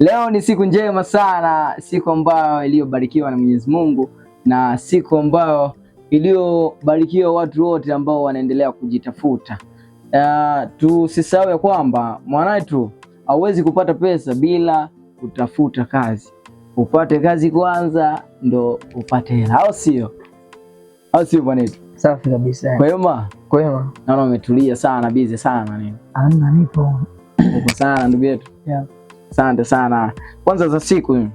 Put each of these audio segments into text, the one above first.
Leo ni siku njema sana, siku ambayo iliyobarikiwa na Mwenyezi Mungu na siku ambayo iliyobarikiwa watu wote ambao wanaendelea kujitafuta. Uh, tusisahau ya kwamba mwanetu hauwezi kupata pesa bila kutafuta kazi. Upate kazi kwanza ndo upate hela, au sio? Au sio mwanetu? Safi kabisa. Kwema? Kwema. Naona umetulia sana, busy sana nini? Ana nipo. Uko sana ndugu yetu. Yeah. Asante sana. Kwanza za siku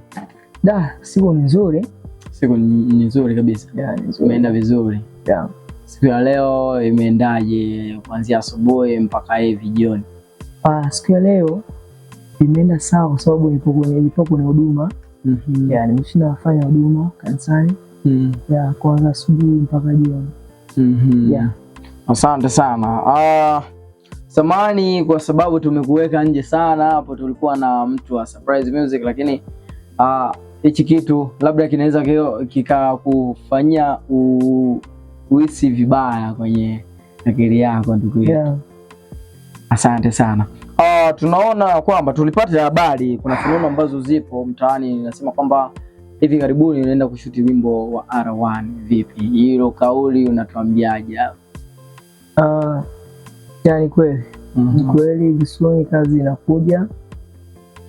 da, siku ni nzuri, siku ni nzuri kabisa, Umeenda vizuri. Siku ya leo imeendaje kuanzia asubuhi mpaka hivi jioni? Ah, siku ya leo imeenda sawa kwa sababu nilipo kwenye huduma mhm. nimeshinda kufanya huduma kanisani mhm. ya kwanza asubuhi mpaka jioni. Mhm. Asante sana. Ah, samani kwa sababu tumekuweka nje sana. Hapo tulikuwa na mtu wa Surprise Music, lakini ah, hichi uh, kitu labda kinaweza kikakufanyia uhisi vibaya kwenye akili yako ndugu yetu yeah. Asante sana. Uh, tunaona kwamba tulipata habari, kuna filamu ambazo zipo mtaani, nasema kwamba hivi karibuni unaenda kushuti wimbo wa R1. Vipi hilo, kauli unatuambiaje? uh... Yani kweli mm -hmm. kweli visoni kazi inakuja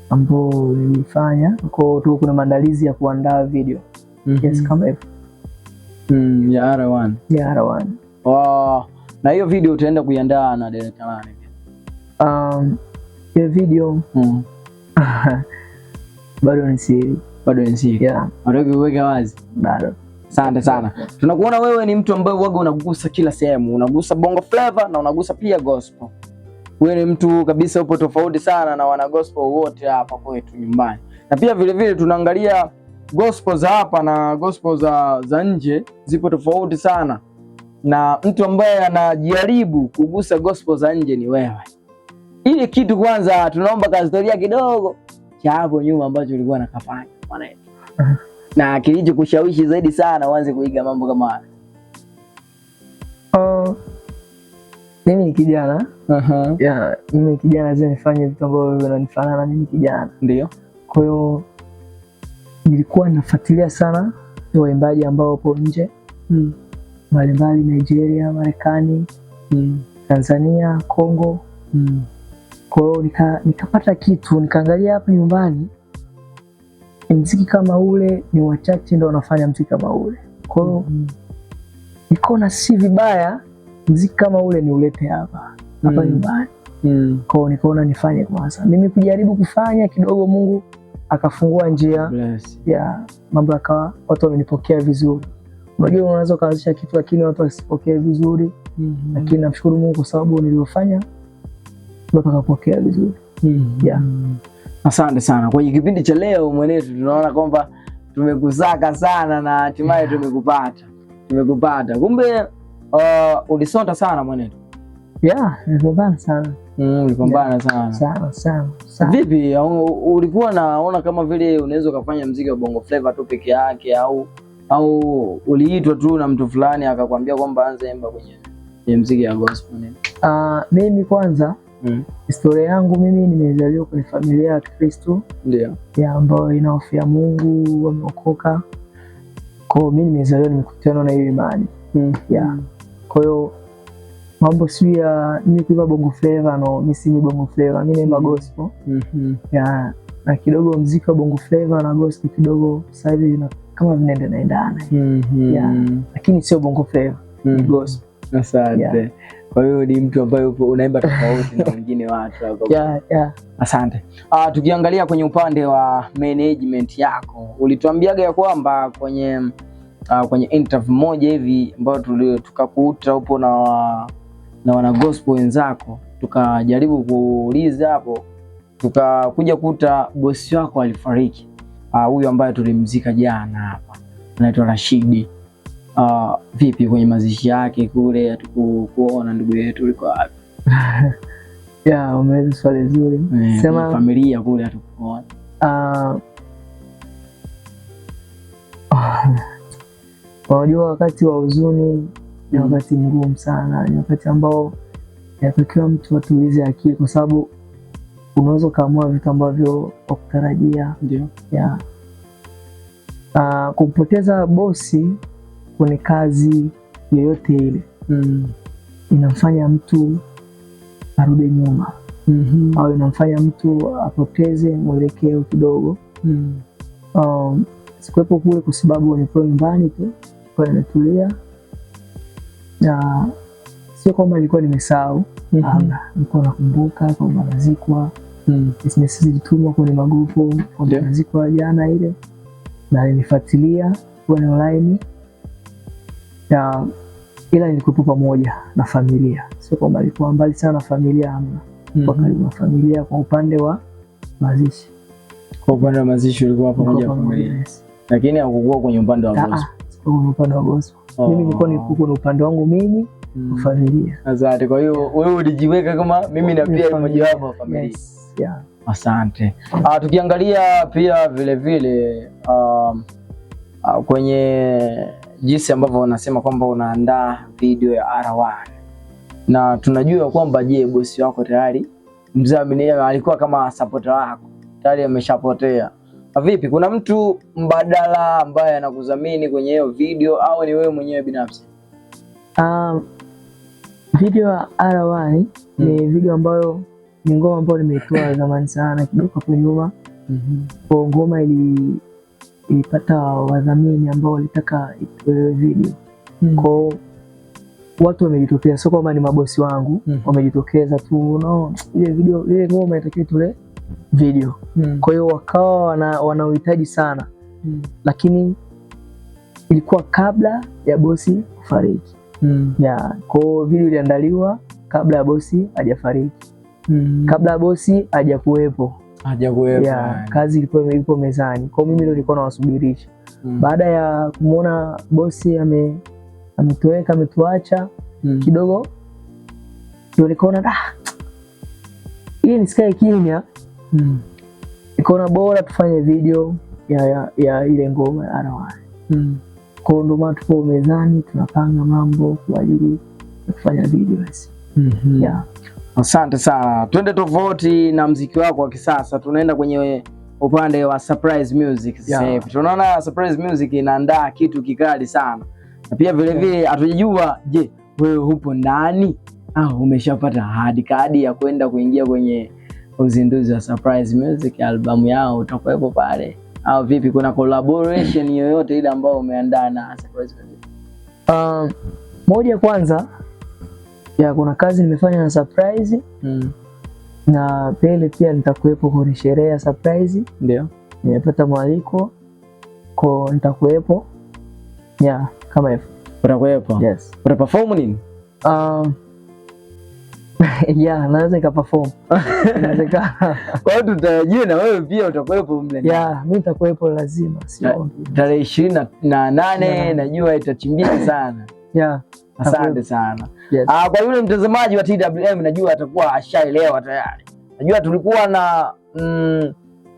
ambao nilifanya kwao tu, kuna maandalizi ya kuandaa video mm yes, kama hivyo mm, ya R1 ya R1 wow. na hiyo video utaenda kuiandaa na director nani? Um, hiyo video mm. bado ni siri, bado ni siri yeah. Bado kuweka wazi bado Asante sana. Tunakuona wewe ni mtu ambaye waga unagusa kila sehemu, unagusa bongo flava na unagusa pia gospel. Wewe ni mtu kabisa, upo tofauti sana na wana gospel wote hapa kwetu nyumbani, na pia vile vile tunaangalia gospel za hapa na gospel za, za nje zipo tofauti sana, na mtu ambaye anajaribu kugusa gospel za nje ni wewe. Ile kitu kwanza, tunaomba kahistoria kidogo cha hapo nyuma ambacho ulikuwa nakafanya mwana na kilicho kushawishi zaidi sana uanze kuiga mambo kama haya? Oh, mimi ni kijana mimi ni kijana, lazima nifanye vitu ambavyo vinanifanana mimi kijana. Ndio, kwa hiyo nilikuwa nafuatilia sana waimbaji ambao wapo nje hmm. mbalimbali mm. Nigeria, Marekani mm. Tanzania, Kongo mm. Kwa hiyo nikapata nika kitu nikaangalia hapa nyumbani mziki kama ule ni wachache ndo wanafanya mziki kama ule. Kwa hiyo mm -hmm. nikaona si vibaya mziki kama ule niulete hapa hapa mhm. nyumbani mm. mm. kwao, nikaona nifanye kwanza mimi kujaribu kufanya kidogo, Mungu akafungua njia Bless. ya mambo yakawa watu wamenipokea vizuri. Unajua, unaweza ukaanzisha kitu lakini watu wasipokee vizuri mm -hmm. lakini namshukuru Mungu kwa sababu niliofanya watu wakapokea vizuri mm -hmm. yeah. Mhm. Asante sana kwenye kipindi cha leo mwenetu, tunaona kwamba tumekusaka sana na hatimaye yeah. Tumekupata, tumekupata kumbe. Uh, ulisonta sana mwenetu. Yeah, nilipambana sana mm, yeah. sana. Sana, sana, sana. Vipi ulikuwa naona kama vile unaweza ukafanya mziki wa Bongo Flava tu peke yake au au uliitwa tu na mtu fulani akakwambia kwamba anze imba kwenye mziki ya gospel? Uh, mimi kwanza Mm. Historia yangu mimi nimezaliwa kwenye familia ya Kikristo ya ambayo ina ya Mungu, wameokoka. ko mi nimezaliwa nimekutana na hiyo imani mm. yeah. Kwa hiyo mambo siu ya mimi kuimba bongo fleva no, misimi bongo fleva mi naimba mm-hmm. gospel mm -hmm. na kidogo mziki wa bongo fleva na gospel kidogo sasa hivi kama vinaenda naendana mm -hmm. lakini sio bongo fleva mm -hmm. ni mm-hmm. gospel Asante Kwa hiyo ni mtu ambaye unaimba tofauti na wengine watu hapo. Yeah, yeah. Asante. Ah, tukiangalia kwenye upande wa management yako ulituambiaga ya kwamba kwenye uh, kwenye interview moja hivi ambayo tukakuta upo na na wana gospel wenzako, tukajaribu kuuliza hapo, tukakuja kuta bosi wako alifariki ah, huyu, uh, ambaye tulimzika jana hapa, anaitwa Rashidi. Uh, vipi kwenye mazishi yake kule, hatukuona ndugu yetu uliko wapi? Yeah, umeweza swali zuri. Eh, yeah, sema familia kule hatukuona. Ah, unajua wakati wa huzuni ni mm-hmm. wakati mgumu sana, ni wakati ambao inatakiwa mtu atulize akili, kwa sababu unaweza ukaamua vitu ambavyo wakutarajia. Yeah. Uh, kumpoteza bosi kwenye kazi yoyote ile mm. inamfanya mtu arudi nyuma mm -hmm. au inamfanya mtu apoteze mwelekeo kidogo mm. um, sikuwepo kule kwa sababu nilikuwa nyumbani tu, kwa nimetulia, na sio kwamba nilikuwa nimesahau mm -hmm. nakumbuka kwamba nazikwa mm. zilitumwa kwenye magrupu kwamba yeah. nazikwa jana ile, na nilifuatilia kuwa ni online na ila nilikuwepo pamoja na familia, sio kwamba alikuwa mbali sana na familia, amna kwa mhm. karibu na familia kwa upande wa mazishi, kwa upande wa mazishi ulikuwa pamoja lakini hakukuwa kwenye upande wa gospel. Ah, ah, kwa upande wa gospel oh. mimi nilikuwa niko kwenye upande wangu mimi na mm. familia. Asante. Kwa hiyo wewe ulijiweka kama mimi na pia mmoja wapo wa familia. Asante. Ah, tukiangalia pia vilevile vile, uh, kwenye jinsi ambavyo unasema kwamba unaandaa video ya R1 na tunajua kwamba, je, bosi wako tayari mzamini alikuwa kama supporter wako tayari ameshapotea. Vipi, kuna mtu mbadala ambaye anakudhamini kwenye hiyo video au ni wewe mwenyewe binafsi? Um, video ya R1 hmm, ni video ambayo ni ngoma ambayo nimeitoa zamani sana kidogo hapo nyuma. Mhm. Ngoma ili ilipata wadhamini ambao walitaka ipewe video mm. kwao watu wamejitokeza, sio kwamba ni mabosi wangu mm. wamejitokeza tu, no, ile video ile ngoma itakiwa tule video mm. kwa hiyo wakawa wana, wana uhitaji sana mm. lakini ilikuwa kabla ya bosi kufariki mm. ya kwao video iliandaliwa kabla ya bosi hajafariki mm. kabla ya bosi hajakuwepo yeah, kazi ilikuwa ipo mezani kwao, mimi ndo nilikuwa nawasubirisha mm. Baada ya kumwona bosi ame ametoweka ametuacha mm. kidogo, ndio nikaona ah, hii nisikae kimya mm. Nikaona bora tufanye video ya, ya, ya ile ngoma ya Rayvanny mm. Kwao ndio maana tupo mezani tunapanga mambo kwa ajili ya kufanya video basi mm -hmm. yeah. Asante sana. Twende tofauti na mziki wako wa kisasa, tunaenda kwenye upande wa surprise music sasa hivi. Tunaona surprise music inaandaa kitu kikali sana, na pia vilevile hatujajua, je, wewe hupo ndani au ah, umeshapata hadi kadi ya kwenda kuingia kwenye uzinduzi wa surprise music albamu yao? Utakuwepo pale au vipi? Kuna collaboration yoyote ile ambayo umeandaa na surprise music? Um, moja kwanza ya kuna kazi nimefanya na surprise mm. na pele pia nitakuwepo kwenye sherehe ya surprise. Ndio nimepata mwaliko ko nitakuwepo ya kama hivyo. Utakuwepo? Yes. Uta perform nini? um, ya naweza nika perform kwa hiyo tutarajie na wewe pia utakuwepo mle. Ya mimi nitakuwepo lazima, sio tarehe ishirini na nane najua itachimbia sana yeah. Asante sana yes. Aa, ah, kwa yule mtazamaji wa TWM najua atakuwa ashaelewa tayari. Najua tulikuwa na mm,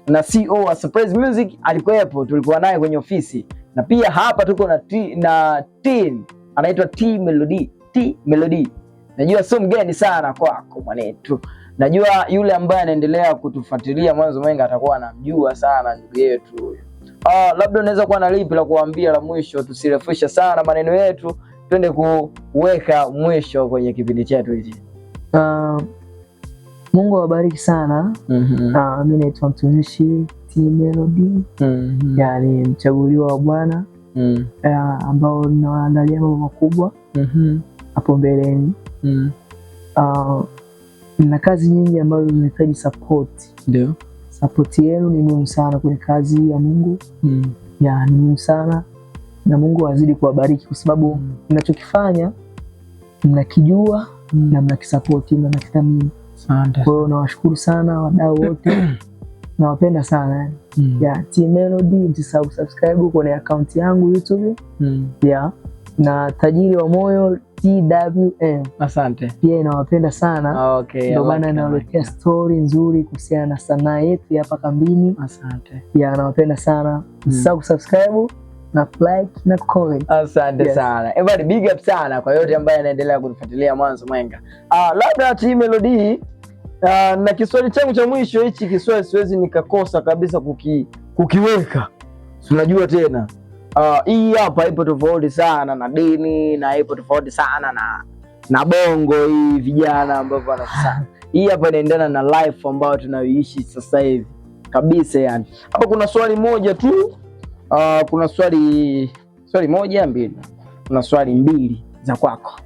na CEO wa Surprise Music alikuwepo, tulikuwa naye kwenye ofisi na pia hapa tuko na t, na team anaitwa T Melody. T Melody najua sio mgeni sana kwako mwanetu, najua yule ambaye anaendelea kutufuatilia mwanzo mwengi atakuwa anamjua sana ndugu yetu huyo. Uh, ah, labda unaweza kuwa na lipi la kuambia la mwisho, tusirefusha sana maneno yetu twende kuweka mwisho kwenye kipindi chetu hichi. Uh, Mungu awabariki sana. mm -hmm. Uh, ah, mi naitwa mtumishi T Melody. mm -hmm. Yani mchaguliwa wa Bwana mm. Uh, ambao nawaandalia mambo makubwa mhm. hapo mm -hmm. mbeleni mm. Uh, na kazi nyingi ambazo zinahitaji sapoti. Ndio, sapoti yenu ni muhimu sana kwenye kazi ya Mungu mm. ya ni muhimu sana na Mungu azidi kuwabariki kwa sababu mm. mnachokifanya mnakijua mm. na mnakisapoti, mnakithamini. Kwa hiyo nawashukuru sana wadau wote nawapenda sana eh. mm. ya Team Melody, msisahau kusubscribe kwenye akaunti yangu YouTube mm. ya na tajiri wa moyo TWM. Asante. Pia inawapenda sana. Okay, ndio maana inawaletea stori nzuri kuhusiana na sanaa yetu hapa kambini. Asante. Ya nawapenda sana. Mm. Msisahau mm. kusubscribe na flight na college. Asante yes, sana. Everybody big up sana kwa yote ambaye anaendelea kunifuatilia Mwanzo Mwenga. Ah, labda hii melodi hii uh, ah, na kiswali changu cha mwisho hichi kiswali siwezi nikakosa kabisa kuki, kukiweka. Tunajua tena. Uh, hii hapa ipo tofauti sana na dini na ipo tofauti sana na na bongo hii vijana ambao wanasana. Hii hapa inaendana na life ambayo tunayoishi sasa hivi kabisa yani. Hapa kuna swali moja tu Uh, kuna swali swali moja mbili, kuna swali mbili za kwako,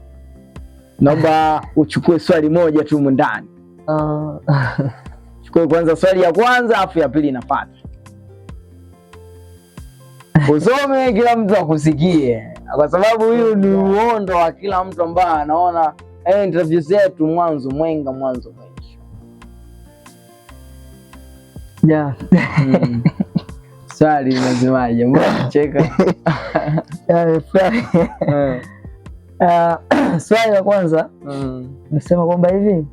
naomba uchukue swali moja tu mundani. Uh, ah. chukue kwanza swali ya kwanza afu ya pili inapata usome kila mtu akusikie, kwa sababu huyu ni uondo wa kila mtu ambaye anaona eh, interview zetu mwanzo mwenga mwanzo mwisho yeah. mm. Swali nasemaje? Mbona cheka? Eh, eh. ah, swali la kwanza mm. nasema kwamba hivi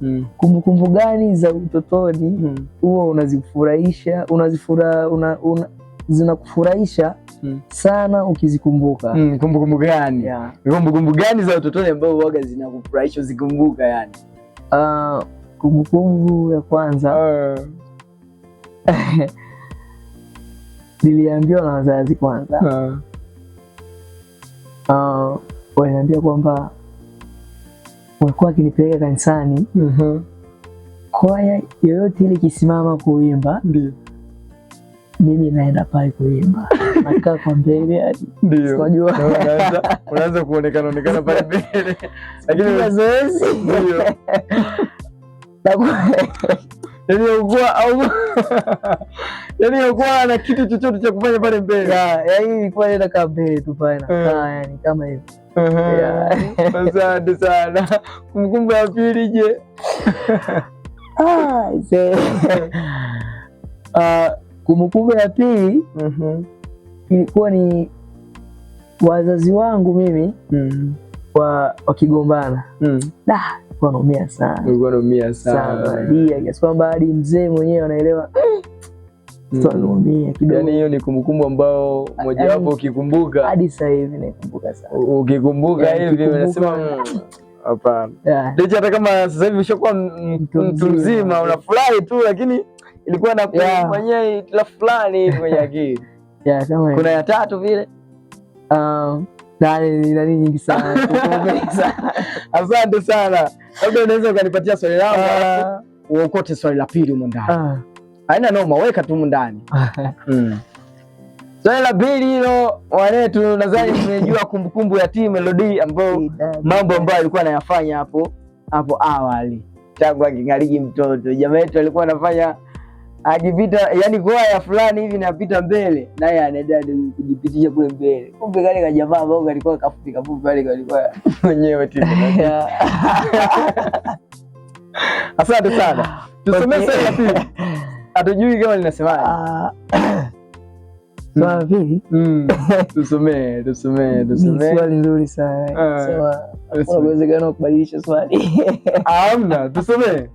mm. kumbukumbu gani za utotoni mm. huo unazifurahisha unazifura una, una, zinakufurahisha sana ukizikumbuka? Mm, kumbukumbu gani? Yeah. Kumbukumbu gani za utotoni ambazo waga zinakufurahisha uzikumbuka yani? Uh, kumbukumbu ya kwanza uh. niliambiwa na wazazi kwanza uh. Uh, waliniambia kwamba walikuwa akinipeleka kanisani uh -huh. kwaya yoyote ile ikisimama kuimba ndio mimi naenda pale kuimba nakaa kwa mbele, unaanza kuonekana onekana pale mbele, lakini mazoezi yaani yaliyokuwa na kitu chochote cha kufanya pale mbele, ilikuwa inakaa mbele tu pale eh. ah, yani kama hivi. Asante sana. Kumbukumbu ya pili je? Ah, ah, kumbukumbu ya pili mhm. ilikuwa ni wazazi wangu mimi mhm. wakigombana. Mm. Da, ulikuwa unaumia sana, sana dia kiasi kwamba hadi mzee mwenyewe anaelewa mm, mm. Yaani hiyo ni kumbukumbu ambao yaani mojawapo ukikumbuka hadi sasa hivi naikumbuka sana. Ukikumbuka yaani hivi unasema mm, hapana. hata kama sasa hivi ushakuwa mtu mzima unafurahi tu, lakini ilikuwa nakufanyia hitilafu fulani kwenye akili. Kuna ya tatu vile um, nani nyingi sana. Asante sana labda unaweza ukanipatia swali langu ah. uokote swali la pili humo ndani. Ah. Haina noma, weka tu humo ndani. Ah. Mm. Swali la pili hilo wanetu, nadhani tumejua kumbukumbu ya timu Melody, ambayo mambo ambayo alikuwa anayafanya hapo hapo awali tangu aking'aliki mtoto. Jamaa yetu alikuwa anafanya ajipita, yani goa ya fulani hivi napita mbele, naye anaenda kujipitisha kule mbele. Kumbe kale ka jamaa ambao kalikuwa kafupi kafupi pale kalikuwa wenyewe tu. Asante sana, tusomee swali la pili. Hatujui kama linasemaje ah, swali la pili. Mm. Tusomee, tusomee, tusomee. Swali nzuri sana, ah, kuna uwezekano wa kubadilisha swali? Hamna, tusomee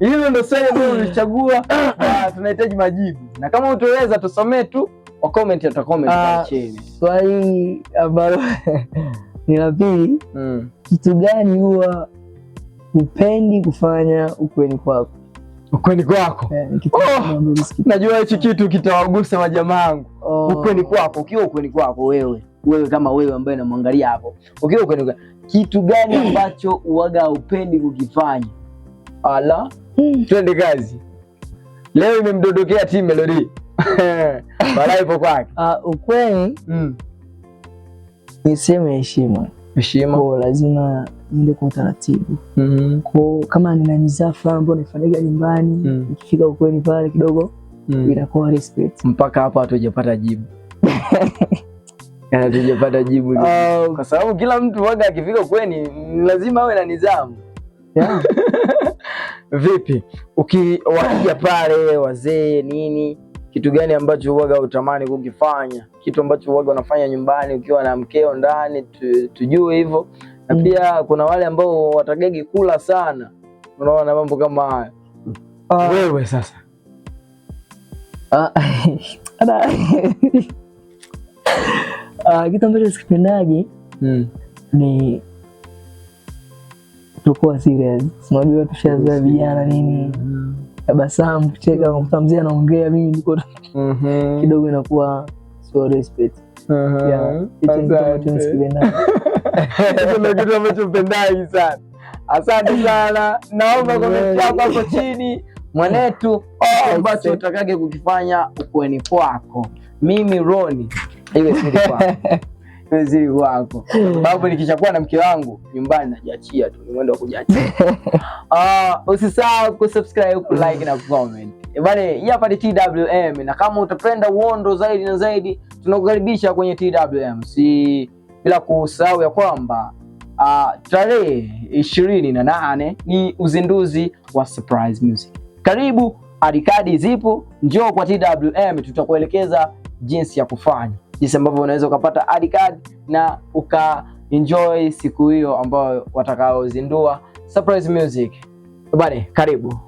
hilo ndo swali ambalo ulichagua. Ah. Ah. Tunahitaji majibu, na kama utaweza tusomee tu kwa comment, ya comment ah, chini. Swali ambalo ni la pili, hmm. kitu gani huwa hupendi kufanya ukweni kwako? Ukweni kwako, eh, oh! najua hichi kitu kitawagusa majamaa yangu. Oh. Ukweni kwako, ukiwa ukweni kwako wewe wewe kama wewe ambaye namwangalia hapo ukiwa, ukweni kwako, Kitu gani ambacho uwaga upendi kukifanya? Ala, Twende kazi. Leo imemdondokea Team Melody. walaipo kwake. uh, ukweli. Mm. Niseme heshima. Heshima. lazima niende kwa utaratibu. Mm. Kwa kama nina fulani ambayo naifanyaga nyumbani, mm. ikifika ukweni pale kidogo mm. inakuwa respect. Mpaka hapa hatujapata jibu. Yaani hatujapata jibu. Uh, kwa sababu kila mtu waga akifika ukweni lazima awe na nizamu Yeah. Vipi ukiwaja pale wazee nini, kitu gani ambacho uwaga utamani kukifanya, kitu ambacho huwaga unafanya nyumbani ukiwa na mkeo ndani, tujue hivyo na mm. Pia kuna wale ambao watagagi kula sana, unaona mambo kama hayo uh. Wewe sasa uh. uh, kitu ambacho sikipendaji mm. ni tulikuwa serious, unajua tushazoea vijana nini, tabasamu kucheka, unakuta mm-hmm. mzee anaongea, mimi niko mm-hmm. kidogo inakuwa sio respect. Mm-hmm. kitu ambacho mpendai sana. Asante sana, naomba komenti yako hapo chini mwanetu, ambacho utakage kukifanya ukweni kwako. Mimi Roni, iwe siri kwako. waziri wako hmm. babu. Nikishakuwa na mke wangu nyumbani najiachia tu, ni mwendo wa kujiachia. Uh, usisahau kusubscribe, kulike na comment eh, bana. Hii hapa ni TWM, na kama utapenda uondo zaidi na zaidi, tunakukaribisha kwenye TWM si bila kusahau ya kwamba uh, tarehe ishirini na nane ni uzinduzi wa surprise music. Karibu, adikadi zipo, njoo kwa TWM, tutakuelekeza jinsi ya kufanya jinsi ambavyo unaweza ukapata adi kadi na uka enjoy siku hiyo ambayo watakaozindua Surprise Music. Bani, karibu.